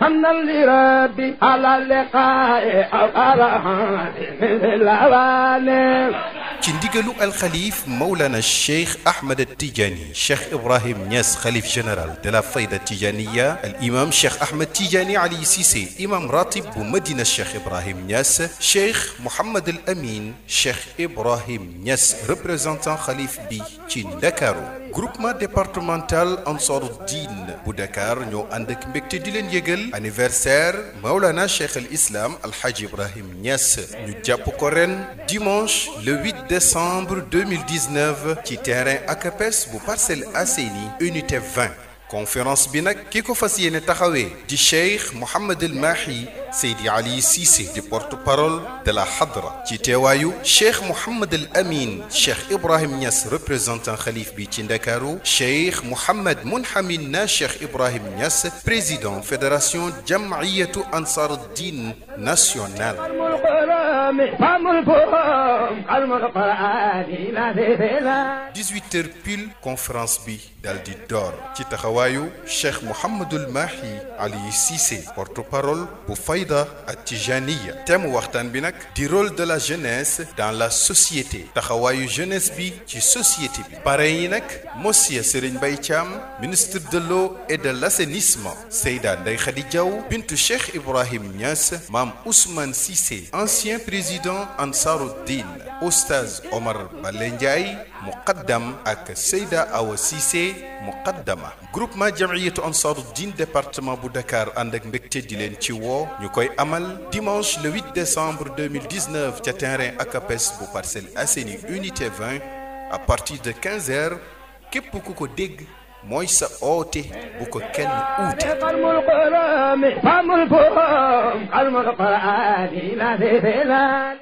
حمدا لربي على اللقاء أو أرحام من العوالم ci ndigalu alxalif Mawlana Cheikh Ahmed Tidjani Cheikh Ibrahim Niass xalif général de la Fayda Tidjaniya al imam Cheikh Ahmed Tidjani Ali Cissé imam ratib bu Madina Cheikh Ibrahim Niass Cheikh Mouhamed El Amin Cheikh Ibrahim Niass représentant xalif bi ci Ndakaaru groupement départemental Ansaaru Diin bu Dakar ñoo ànd ak mbégte di leen yëgal anniversaire Maulana Cheikh al Islam Al Hadj Ibrahim Niass ñu jàpp ko ren dimanche le 8 décembre 2019 ci terrain ACAPES bu Parcelles Assainies unité 20 conférence bi nag ki ko fas yéene taxawee di Cheikh Mouhamed El Mahi Seydi Ali Cissé di porte-parole de la Hadra ci teewaayu Cheikh Mouhamed El Amin Cheikh Ibrahim Niass représentant xalif bi ci Ndakaaru Cheikh Mouhamed Mounhamin na Cheikh Ibrahim Niass président fédération Jam'iyatu Ansar Din national dix-huit heures pile conférence bi dal di door ci taxawaayu Cheikh Mouhamadul porte-parole Al-Fayda At-Tijaniyya thème waxtaan bi nag di rôle de la jeunesse dans la société taxawaayu jeunesse bi ci société bi parrain yi nag monsieur Serigne Mbaye Thiam ministre de l'eau et de l'assainissement Seyda Ndeye Khady Diaw bintu Cheikh Ibrahim Niass maam Ousmane Cissé ancien président Ansaruddin Oustaz Omar Bale Ndiaye muqaddam ak Seyda Awa Cissé muqaddama groupement jamiyatu din département bu Dakar ànd ak mbégte di leen ci woo ñu koy amal dimanche le 8 décembre 2019 ca terrain akapes bu Parcelles Assainies unité 20 à partir de 15 heures képp ku ko dégg mooy sa oote bu ko kenn uute